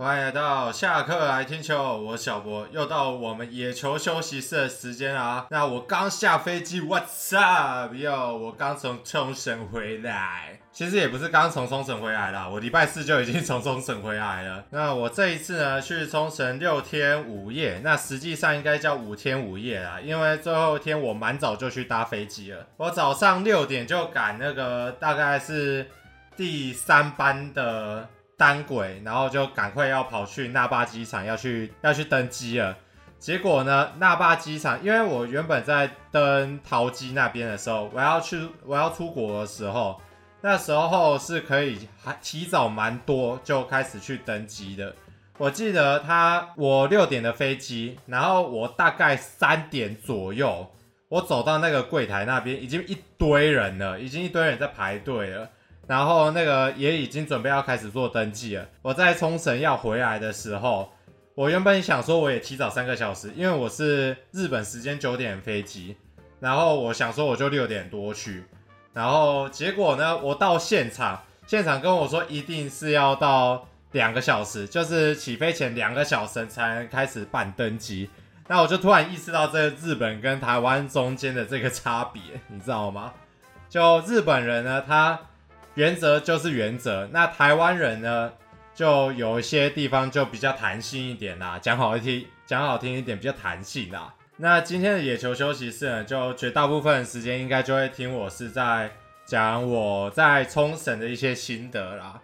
歡迎來到下課來聽球，我小博，又到我們野球休息室的時間啊！那我剛下飛機，What's up，又我剛從沖繩回來，其實也不是剛從沖繩回來啦。我禮拜四就已經從沖繩回來了。那我這一次呢，去沖繩六天五夜，那實際上應該叫五天五夜啦，因為最後一天我蠻早就去搭飛機了，我早上六點就趕那個大概是第三班的。單軌，然後就趕快要跑去那霸機場，要去要去登機了。結果呢，那霸機場，因為我原本在登桃機那邊的時候，我要去我要出國的時候，那時候是可以還提早蠻多就開始去登機的。我記得他我六點的飛機，然後我大概三點左右，我走到那個櫃台那邊，已經一堆人了，已經一堆人在排隊了。然後那個也已經準備要開始做登記了。我在沖繩要回來的時候，我原本想說我也提早三個小時，因為我是日本時間九點飛機，然後我想說我就六點多去，然後結果呢，我到現場，現場跟我說一定是要到兩個小時，就是起飛前兩個小時才能開始辦登機。那我就突然意識到這日本跟台灣中間的這個差別，你知道嗎？就日本人呢，他。原則就是原則。那台灣人呢，就有一些地方就比較彈性一點啦，講好一聽，講好聽一點，比較彈性啦。那今天的野球休息室呢，就絕大部分的時間應該就會聽我是在講我在沖繩的一些心得啦。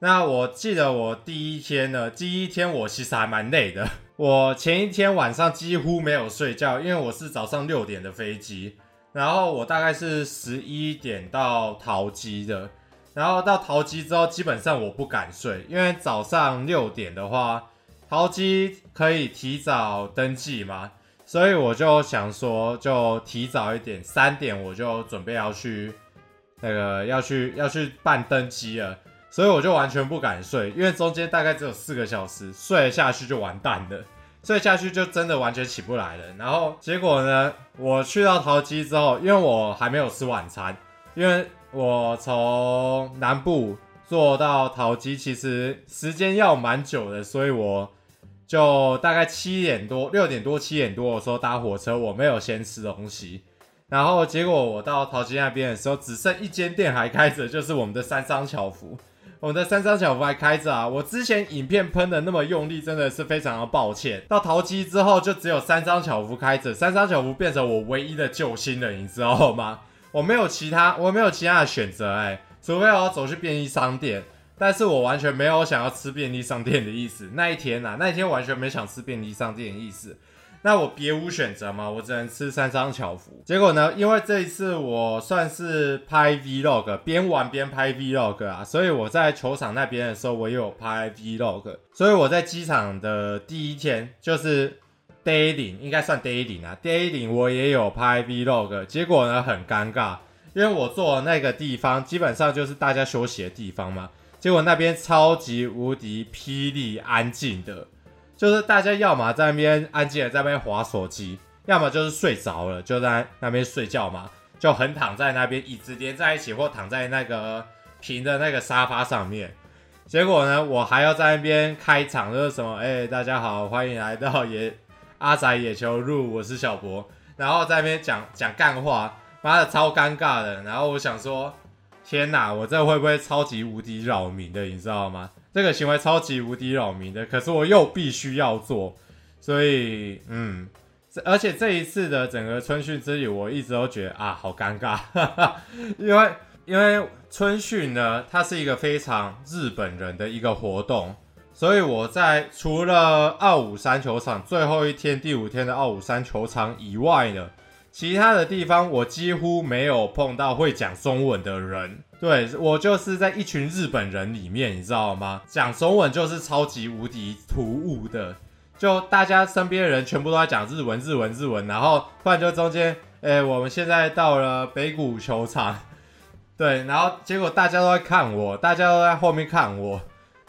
那我記得我第一天呢，第一天我其實還蠻累的，我前一天晚上幾乎沒有睡覺，因為我是早上六點的飛機，然後我大概是十一點到桃機的。然後到桃機之後，基本上我不敢睡，因為早上六點的話，桃機可以提早登機嘛，所以我就想說，就提早一點，三點我就準備要去那個要去要去辦登機了，所以我就完全不敢睡，因為中間大概只有四個小時，睡了下去就完蛋了，睡下去就真的完全起不來了。然後結果呢，我去到桃機之後，因為我還沒有吃晚餐，因為。我從南部坐到桃機，其實時間要蠻久的，所以我就大概七點多、六點多、七點多的時候搭火車，我沒有先吃東西。然後結果我到桃機那邊的時候，只剩一間店還開着，就是我們的三商巧福，我們的三商巧福還開着啊！我之前影片噴的那麼用力，真的是非常的抱歉。到桃機之後，就只有三商巧福開着，三商巧福變成我唯一的救星了，你知道嗎？我沒有其他，我沒有其他的選擇誒、欸、除非我要走去便利商店，但是我完全沒有想要吃便利商店的意思。那一天啊，那一天完全沒想吃便利商店的意思。那我別無選擇嘛，我只能吃三商巧福。結果呢，因為這一次我算是拍 Vlog，邊玩邊拍 Vlog 啊，所以我在球場那邊的時候，我也有拍 Vlog。所以我在機場的第一天就是。Daily 應該算 Daily 呢 Daily 我也有拍 Vlog，結果呢很尷尬，因為我坐的那個地方基本上就是大家休息的地方嘛，結果那邊超級無敵霹靂安靜的，就是大家要麼在那邊安靜的在那邊滑手機，要麼就是睡着了就在那邊睡覺嘛，就很躺在那邊椅子連在一起或躺在那個平的那個沙發上面，結果呢我還要在那邊開場就是什麼，哎、欸、大家好，歡迎來到也。阿宅野球錄，我是小柏，然後在那邊講講幹話，媽的超尷尬的。然後我想說，天哪，我這會不會超級無敵擾民的？你知道嗎？這個行為超級無敵擾民的，可是我又必須要做，所以嗯，這而且這一次的整個春訓之旅，我一直都覺得啊好尷尬，呵呵因為因為春訓呢，它是一個非常日本人的一個活動。所以我在除了二五三球場最後一天第五天的二五三球場以外呢，其他的地方我幾乎沒有碰到會講中文的人。對我就是在一群日本人裡面，你知道嗎？講中文就是超級無敵突兀的，就大家身邊的人全部都在講日文日文日文，然後突然就中間，哎，我們現在到了北谷球場，對，然後結果大家都在看我，大家都在後面看我。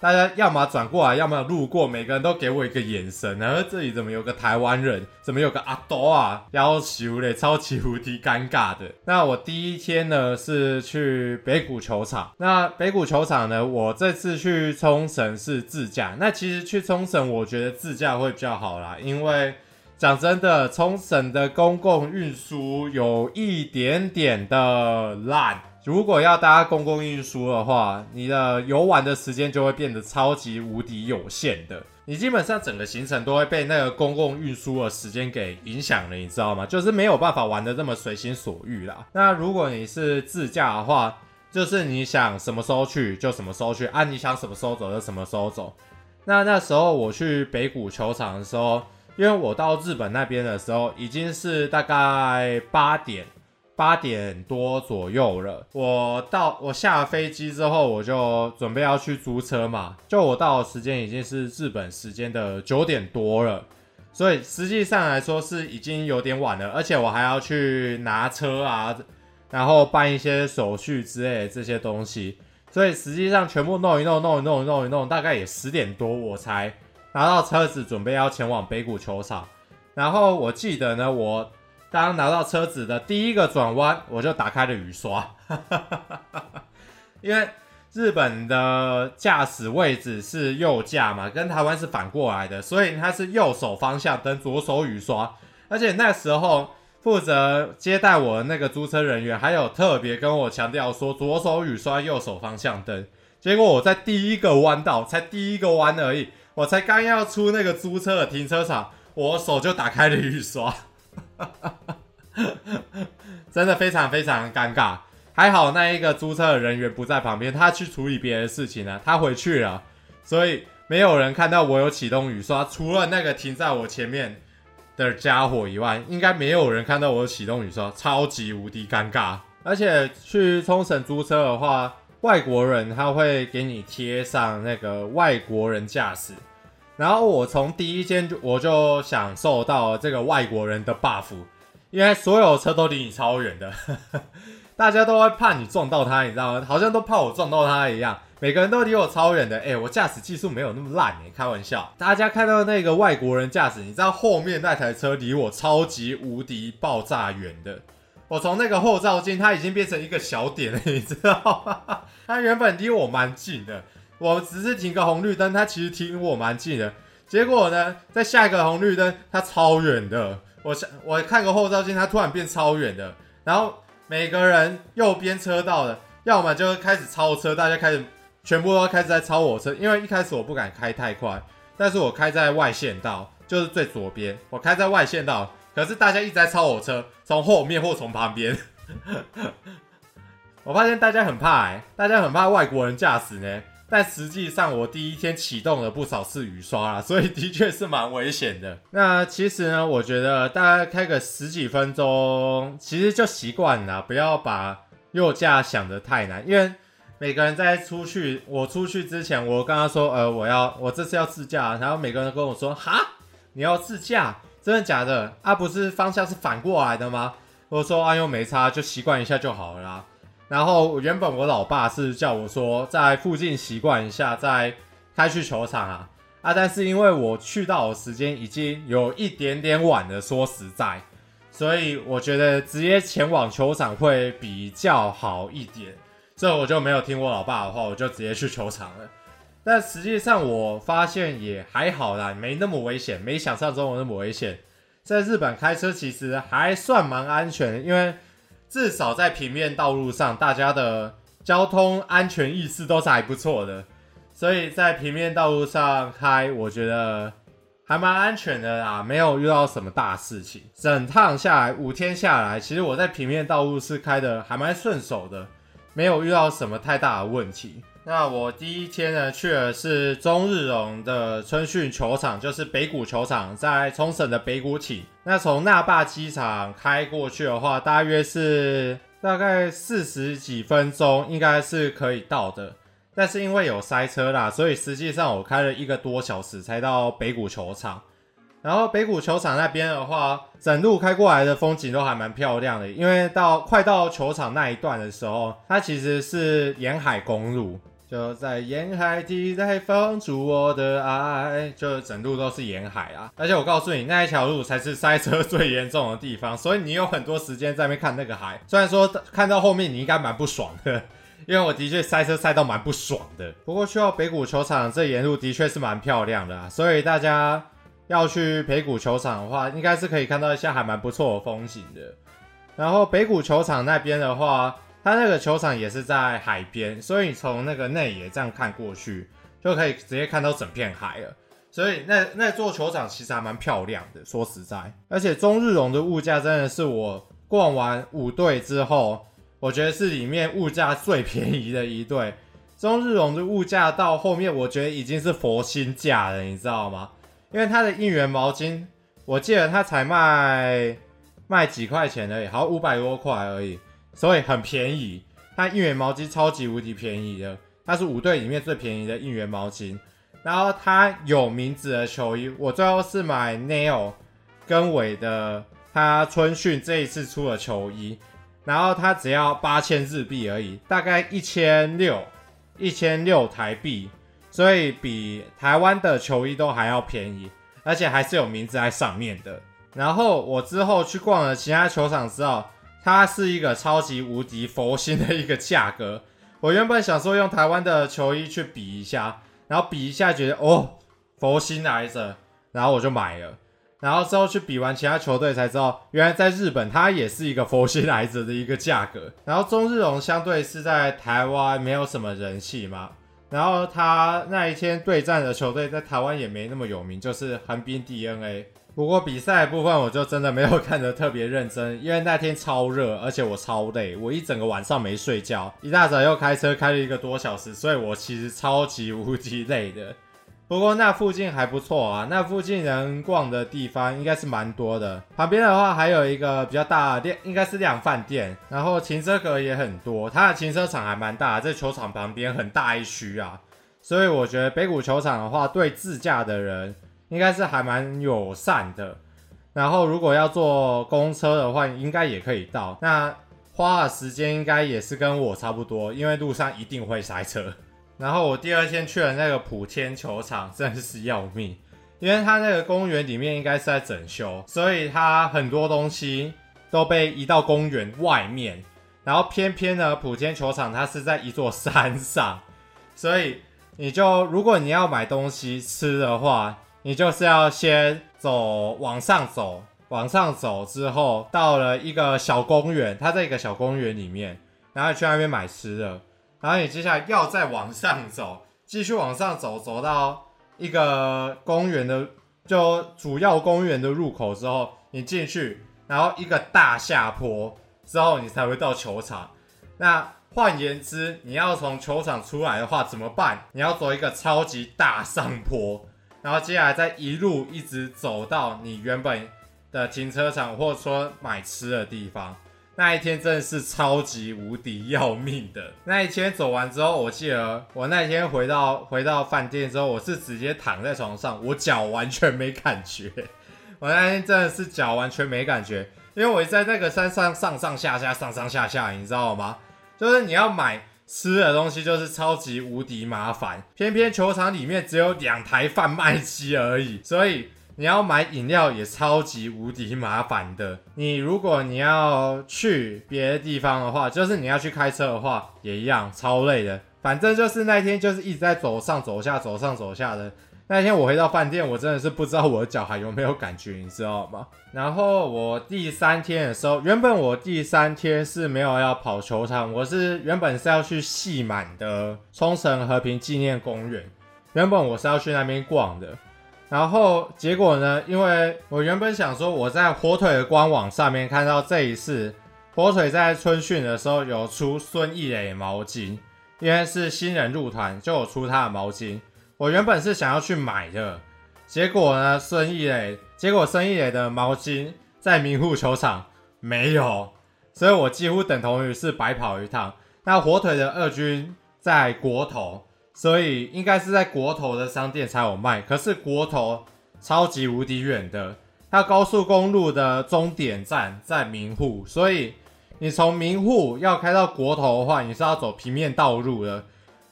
大家要麼轉過來，要麼路過，每個人都給我一個眼神。然後這裡怎麼有個台灣人？怎麼有個阿多啊？夭壽咧，超級無敵尷尬的。那我第一天呢，是去北谷球場。那北谷球場呢，我這次去沖繩是自駕。那其實去沖繩，我覺得自駕會比較好啦，因為講真的，沖繩的公共運輸有一點點的爛。如果要搭公共運輸的話，你的遊玩的時間就會變得超級無敵有限的。你基本上整個行程都會被那個公共運輸的時間給影響了，你知道嗎？就是沒有辦法玩得這麼隨心所欲啦。那如果你是自駕的話，就是你想什麼時候去就什麼時候去，啊你想什麼時候走就什麼時候走。那那時候我去北谷球場的時候，因為我到日本那邊的時候已經是大概八點。八點多左右了，我到我下了飛機之後，我就準備要去租車嘛。就我到的時間已經是日本時間的九點多了，所以實際上來說是已經有點晚了。而且我還要去拿車啊，然後辦一些手續之類的這些東西，所以實際上全部弄一弄，弄一弄，弄，弄，弄一弄，大概也十點多我才拿到車子，準備要前往北谷球場。然後我記得呢，我。剛拿到車子的第一個轉彎，我就打開了雨刷， 因為日本的駕駛位置是右駕嘛，跟台灣是反過來的，所以它是右手方向燈，左手雨刷。而且那時候負責接待我的那個租車人員，還有特別跟我強調說左手雨刷，右手方向燈。結果我在第一個彎道，才第一個彎而已，我才剛要出那個租車的停車場，我手就打開了雨刷。 真的非常非常尷尬，還好那一個租車的人員不在旁邊，他去處理別的事情了，他回去了，所以沒有人看到我有啟動雨刷，除了那個停在我前面的家伙以外，應該沒有人看到我有啟動雨刷，超級無敵尷尬。而且去沖繩租車的話，外國人他會給你貼上那個外國人駕駛。然後我從第一間就我就享受到這個外國人的 buff，因為所有車都離你超遠的，呵呵，大家都會怕你撞到他，你知道嗎？好像都怕我撞到他一樣，每個人都離我超遠的。哎、欸，我駕駛技術沒有那麼爛，誒開玩笑誒，開玩笑。大家看到那個外國人駕駛，你知道後面那台車離我超級無敵爆炸遠的，我從那個後照鏡，它已經變成一個小點了，你知道嗎？它原本離我蠻近的。我只是停個紅綠燈，他其實停我蠻近的。結果呢，在下一個紅綠燈，他超遠的。我我看個後照鏡，他突然變超遠的。然後每個人右邊車道的，要麼就是開始超車，大家開始全部都要開始在超我車。因為一開始我不敢開太快，但是我開在外線道，就是最左邊。我開在外線道，可是大家一直在超我車，從後面或從旁邊。 我發現大家很怕哎、欸，大家很怕外國人駕駛呢。但實際上，我第一天啟動了不少次雨刷啊，所以的確是蠻危險的。那其實呢，我覺得大概開個十幾分鐘，其實就習慣了。不要把右駕想得太難，因為每個人在出去，我出去之前，我跟他說，呃，我要我這次要自駕，然後每個人都跟我說，哈，你要自駕，真的假的？啊，不是方向是反過來的嗎？我說，啊，又沒差，就習慣一下就好了啦。然後原本我老爸是叫我說在附近習慣一下，再開去球場啊，啊，但是因為我去到的時間已經有一點點晚了，說實在，所以我覺得直接前往球場會比較好一點，所以我就沒有聽我老爸的話，我就直接去球場了。但實際上我發現也還好啦，沒那麼危險，沒想象中那麼危險。在日本開車其實還算蠻安全，因為。至少在平面道路上，大家的交通安全意識都是還不錯的，所以在平面道路上開，我覺得還蠻安全的啦，沒有遇到什麼大事情。整趟下來，五天下來，其實我在平面道路是開的還蠻順手的。沒有遇到什麼太大的問題。那我第一天呢，去的是中日龍的春訓球場，就是北谷球場，在沖繩的北谷町。那從那霸機場開過去的話，大約是大概四十幾分鐘，應該是可以到的。但是因為有塞車啦，所以實際上我開了一個多小時才到北谷球場。然後北谷球場那邊的話，整路開過來的風景都還蠻漂亮的，因為到快到球場那一段的時候，它其實是沿海公路，就在沿海地帶放逐我的愛，就整路都是沿海啊。而且我告訴你，那一條路才是塞車最嚴重的地方，所以你有很多時間在那邊看那個海。雖然說看到後面你應該蠻不爽的，因為我的確塞車塞到蠻不爽的。不過去到北谷球場這沿路的確是蠻漂亮的啊。所以大家。要去北谷球場的話，應該是可以看到一些還蠻不錯的風景的。然後北谷球場那邊的話，它那個球場也是在海邊，所以你從那個內野這樣看過去，就可以直接看到整片海了。所以那那座球場其實還蠻漂亮的，說實在，而且中日龍的物價真的是我逛完五隊之後，我覺得是裡面物價最便宜的一隊。中日龍的物價到後面，我覺得已經是佛心價了，你知道嗎？因為他的應援毛巾，我記得他才賣賣幾塊錢而已，好像五百多塊而已，所以很便宜。他應援毛巾超級無敵便宜的，他是五隊裡面最便宜的應援毛巾。然後他有名字的球衣，我最後是買 Nail 跟偉的，他春訓這一次出的球衣，然後他只要八千日幣而已，大概一千六一千六台幣。所以比台灣的球衣都還要便宜，而且還是有名字在上面的。然後我之後去逛了其他球場之後，它是一個超級無敵佛心的一個價格。我原本想說用台灣的球衣去比一下，然後比一下覺得哦，佛心來着，然後我就買了。然後之後去比完其他球隊才知道，原來在日本它也是一個佛心來着的一個價格。然後中日龍相對是在台灣沒有什麼人氣嘛。然後他那一天對戰的球隊在台灣也沒那麼有名，就是橫濱 DeNA。不過比賽的部分我就真的沒有看得特別認真，因為那天超熱，而且我超累，我一整個晚上沒睡覺，一大早又開車開了一個多小時，所以我其實超級無敵累的。不過那附近還不錯啊，那附近人逛的地方應該是蠻多的。旁邊的話還有一個比較大的店，應該是量販店。然後停車格也很多，它的停車場還蠻大，在球場旁邊很大一區啊。所以我覺得北谷球場的話，對自駕的人應該是還蠻友善的。然後如果要坐公車的話，應該也可以到。那花的時間應該也是跟我差不多，因為路上一定會塞車。然後我第二天去了那個浦添球場，真的是要命，因為它那個公園裡面應該是在整修，所以它很多東西都被移到公園外面。然後偏偏呢，浦添球場它是在一座山上，所以你就如果你要買東西吃的話，你就是要先走往上走，往上走之後到了一個小公園，它在一個小公園裡面，然後去那邊買吃的。然後你接下來要再往上走，繼續往上走，走到一個公園的，就主要公園的入口之後，你進去，然後一個大下坡之後，你才會到球場。那換言之，你要從球場出來的話怎麼辦？你要走一個超級大上坡，然後接下來再一路一直走到你原本的停車場，或者說買吃的地方。那一天真的是超級無敵要命的。那一天走完之後，我記得我那一天回到回到飯店之後，我是直接躺在床上，我腳完全沒感覺。我那天真的是腳完全沒感覺，因為我在那個山上上上下下上上下下，你知道嗎？就是你要買吃的東西，就是超級無敵麻煩。偏偏球場裡面只有兩台販賣機而已，所以。你要買飲料也超級無敵麻煩的。你如果你要去別的地方的話，就是你要去開車的話也一樣超累的。反正就是那天就是一直在走上走下走上走下的。那天我回到飯店，我真的是不知道我的腳還有沒有感覺，你知道嗎？然後我第三天的時候，原本我第三天是沒有要跑球場，我是原本是要去糸滿的沖繩和平紀念公園，原本我是要去那邊逛的。然後結果呢？因為我原本想說，我在火腿的官網上面看到這一次火腿在春訓的時候有出孫易磊毛巾，因為是新人入團就有出他的毛巾。我原本是想要去買的，結果呢，孫易磊，結果孫易磊的毛巾在名護球場沒有，所以我幾乎等同於是白跑一趟。那火腿的二軍在國頭。所以應該是在國頭的商店才有賣。可是國頭超級無敵遠的，它高速公路的終點站在明戶，所以你從明戶要開到國頭的話，你是要走平面道路的。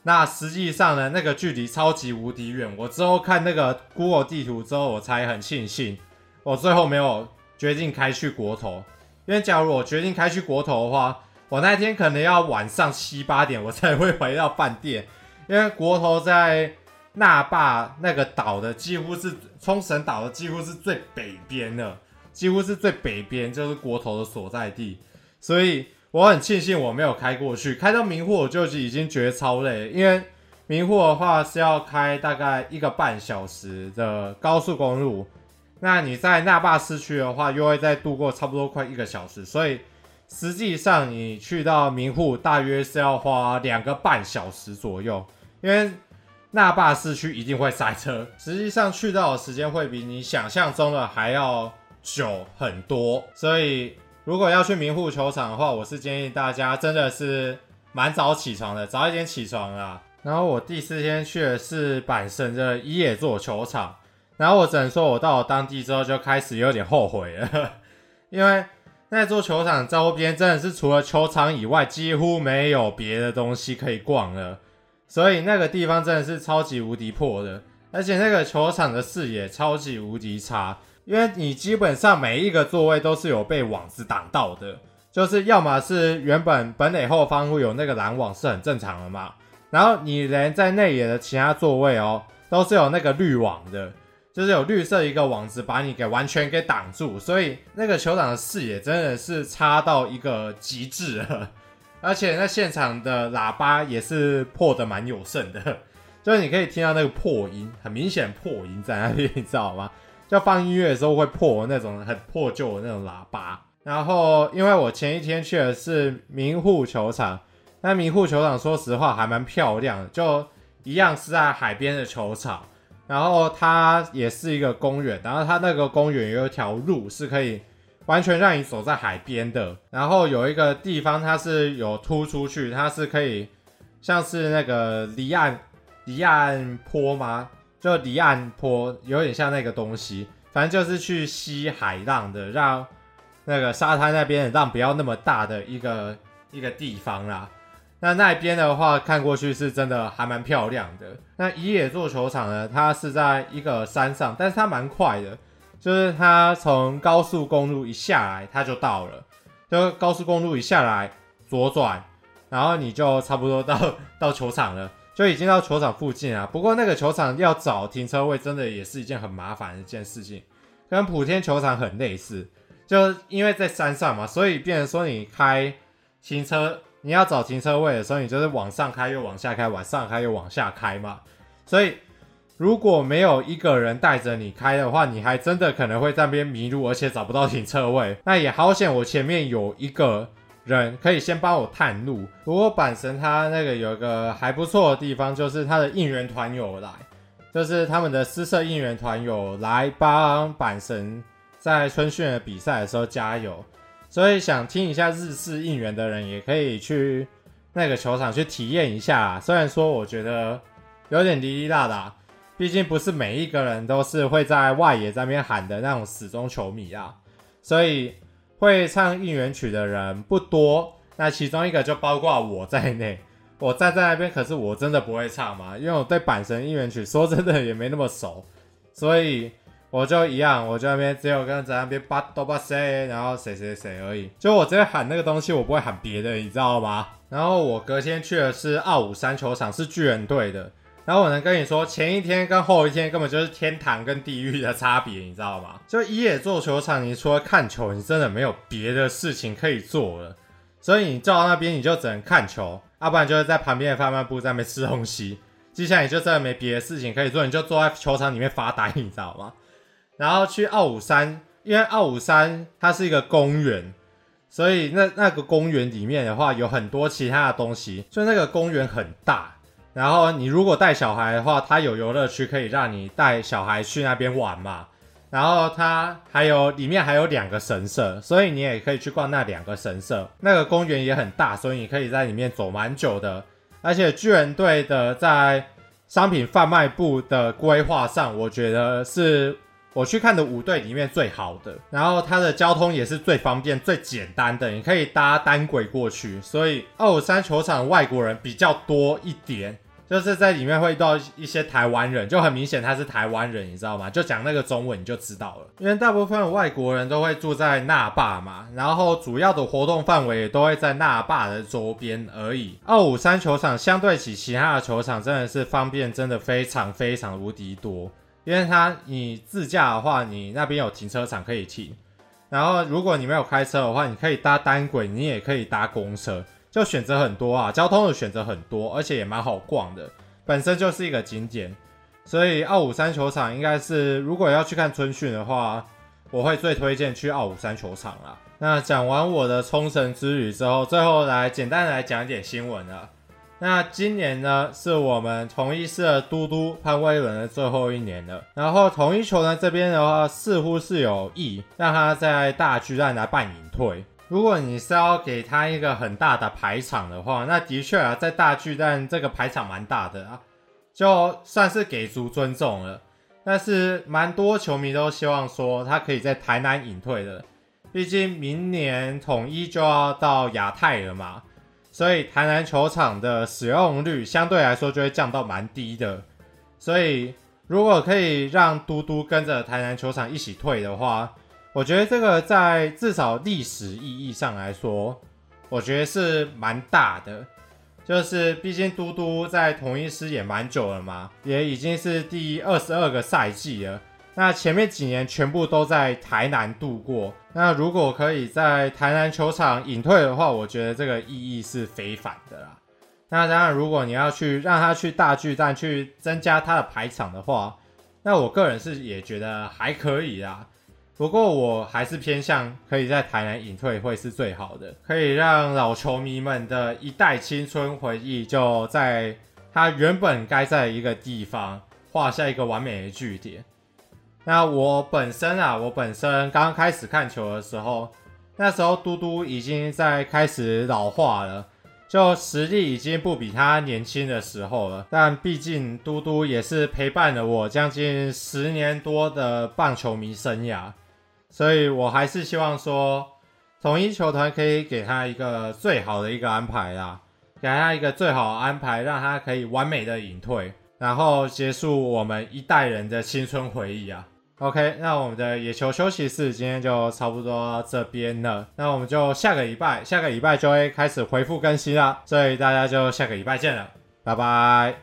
那實際上呢，那個距離超級無敵遠。我之後看那個 Google 地圖之後，我才很慶幸，我最後沒有決定開去國頭，因為假如我決定開去國頭的話，我那天可能要晚上七八點我才會回到飯店。因為國頭在那霸那個島的，幾乎是沖繩島的幾乎是最北邊的，幾乎是最北邊，就是國頭的所在地。所以我很慶幸我沒有開過去，開到名護我就已經覺得超累。因為名護的話是要開大概一個半小時的高速公路，那你在那霸市區的話又會再度過差不多快一個小時，所以實際上你去到名護大約是要花兩個半小時左右。因為那霸市區一定會塞車，實際上去到的時間會比你想象中的還要久很多。所以如果要去名護球場的話，我是建議大家真的是蠻早起床的，早一點起床啦。然後我第四天去的是阪神的宜野座球場，然後我只能說，我到了當地之後就開始有點後悔了， 因為那座球場周邊真的是除了球場以外，幾乎沒有別的東西可以逛了。所以那個地方真的是超級無敵破的，而且那個球場的視野超級無敵差，因為你基本上每一個座位都是有被網子擋到的，就是要麼是原本本壘後方會有那個攔網，是很正常的嘛，然後你連在內野的其他座位哦、喔，都是有那個綠網的，就是有綠色一個網子把你給完全給擋住，所以那個球場的視野真的是差到一個極致了。而且那現場的喇叭也是破得蠻有聲的，就是你可以聽到那個破音，很明顯破音在那裡，你知道嗎？就放音樂的時候會破那種很破舊的那種喇叭。然後因為我前一天去的是名護球場，那名護球場說實話還蠻漂亮的，就一樣是在海邊的球場，然後它也是一個公園，然後它那個公園有一條路是可以。完全讓你走在海邊的，然後有一個地方它是有突出去，它是可以像是那個離岸離岸坡嗎？就離岸坡有點像那個東西，反正就是去吸海浪的，讓那個沙灘那邊的浪不要那麼大的一個一個地方啦。那那邊的話看過去是真的還蠻漂亮的。那宜野座球場呢，它是在一個山上，但是它蠻快的。就是他從高速公路一下來，他就到了。就高速公路一下來，左轉，然後你就差不多到到球場了，就已經到球場附近啊。不過那個球場要找停車位，真的也是一件很麻煩的一件事情，跟普天球場很類似。就因為在山上嘛，所以變成說你開停車，你要找停車位的時候，你就是往上開又往下開，往上開又往下開嘛，所以。如果沒有一個人帶着你開的話，你還真的可能會在那邊迷路，而且找不到停車位。那也好險，我前面有一個人可以先幫我探路。不過阪神他那個有一個還不錯的地方，就是他的應援團友來，就是他們的私設應援團友來幫阪神在春訓的比賽的時候加油。所以想聽一下日式應援的人，也可以去那個球場去體驗一下。雖然說我覺得有點滴滴答答。畢竟不是每一個人都是會在外野這邊喊的那種死忠球迷啊，所以會唱應援曲的人不多。那其中一個就包括我在內，我站在那邊，可是我真的不會唱嘛，因為我對阪神應援曲說真的也沒那麼熟，所以我就一樣，我就那邊只有跟在那邊巴多巴塞，然後誰誰誰而已。就我直接喊那個東西，我不會喊別的，你知道嗎？然後我隔天去的是奧武山球場，是巨人隊的。然後我能跟你說，前一天跟後一天根本就是天堂跟地獄的差別，你知道嗎？就宜野座球場，你除了看球，你真的沒有別的事情可以做了。所以你坐到那邊，你就只能看球，要、啊、不然就是在旁邊的販賣部在那邊吃東西。接下來你就真的沒別的事情可以做，你就坐在球場裡面發呆，你知道嗎？然後去奧武山，因為奧武山它是一個公園，所以那那個公園裡面的話，有很多其他的東西，就那個公園很大。然後你如果帶小孩的話，它有遊樂區可以讓你帶小孩去那邊玩嘛。然後它還有裡面還有兩個神社，所以你也可以去逛那兩個神社。那個公園也很大，所以你可以在裡面走蠻久的。而且巨人隊的在商品販賣部的規劃上，我覺得是我去看的五隊裡面最好的。然後它的交通也是最方便、最簡單的，你可以搭單軌過去。所以二五三球場的外國人比較多一點。就是在裡面會遇到一些台灣人，就很明顯他是台灣人，你知道嗎？就講那個中文你就知道了。因為大部分外國人都會住在那霸嘛，然後主要的活動範圍也都會在那霸的周邊而已。二五三球場相對起其，其他的球場，真的是方便，真的非常非常無敵多。因為它你自駕的話，你那邊有停車場可以停，然後如果你沒有開車的話，你可以搭單軌，你也可以搭公車。就選擇很多啊，交通的選擇很多，而且也蠻好逛的，本身就是一個景點，所以二五三球場應該是如果要去看春訓的話，我會最推薦去二五三球場了。那講完我的沖繩之旅之後，最後來簡單來講一點新聞了、啊。那今年呢，是我們統一獅嘟嘟潘威倫的最後一年了，然後統一球呢這邊的話，似乎是有意讓他在大巨蛋來辦引退。如果你是要給他一個很大的排場的話，那的確啊，在大巨蛋這個排場蠻大的啊，就算是給足尊重了。但是蠻多球迷都希望說他可以在台南引退的，畢竟明年統一就要到亞太了嘛，所以台南球場的使用率相對來說就會降到蠻低的。所以如果可以讓嘟嘟跟着台南球場一起退的話，我覺得這個在至少歷史意義上來說，我覺得是蠻大的。就是畢竟嘟嘟在統一獅也蠻久了嘛，也已經是第二十二個賽季了。那前面幾年全部都在台南度過。那如果可以在台南球場引退的話，我覺得這個意義是非凡的啦。那當然，如果你要去讓他去大巨蛋去增加他的排場的話，那我個人是也覺得還可以啦。不過我還是偏向可以在台南引退會是最好的，可以讓老球迷們的一代青春回憶就在他原本該在一個地方畫下一個完美的句點。那我本身啊，我本身剛開始看球的時候，那時候嘟嘟已經在開始老化了，就實力已經不比他年輕的時候了。但畢竟嘟嘟也是陪伴了我將近十年多的棒球迷生涯。所以，我還是希望說，統一球團可以給他一個最好的一個安排啦，給他一個最好的安排，讓他可以完美的引退，然後結束我們一代人的青春回憶啊。OK，那我們的野球休息室今天就差不多到這邊了，那我們就下個禮拜，下個禮拜就會開始恢復更新啦。所以大家就下個禮拜見了，拜拜。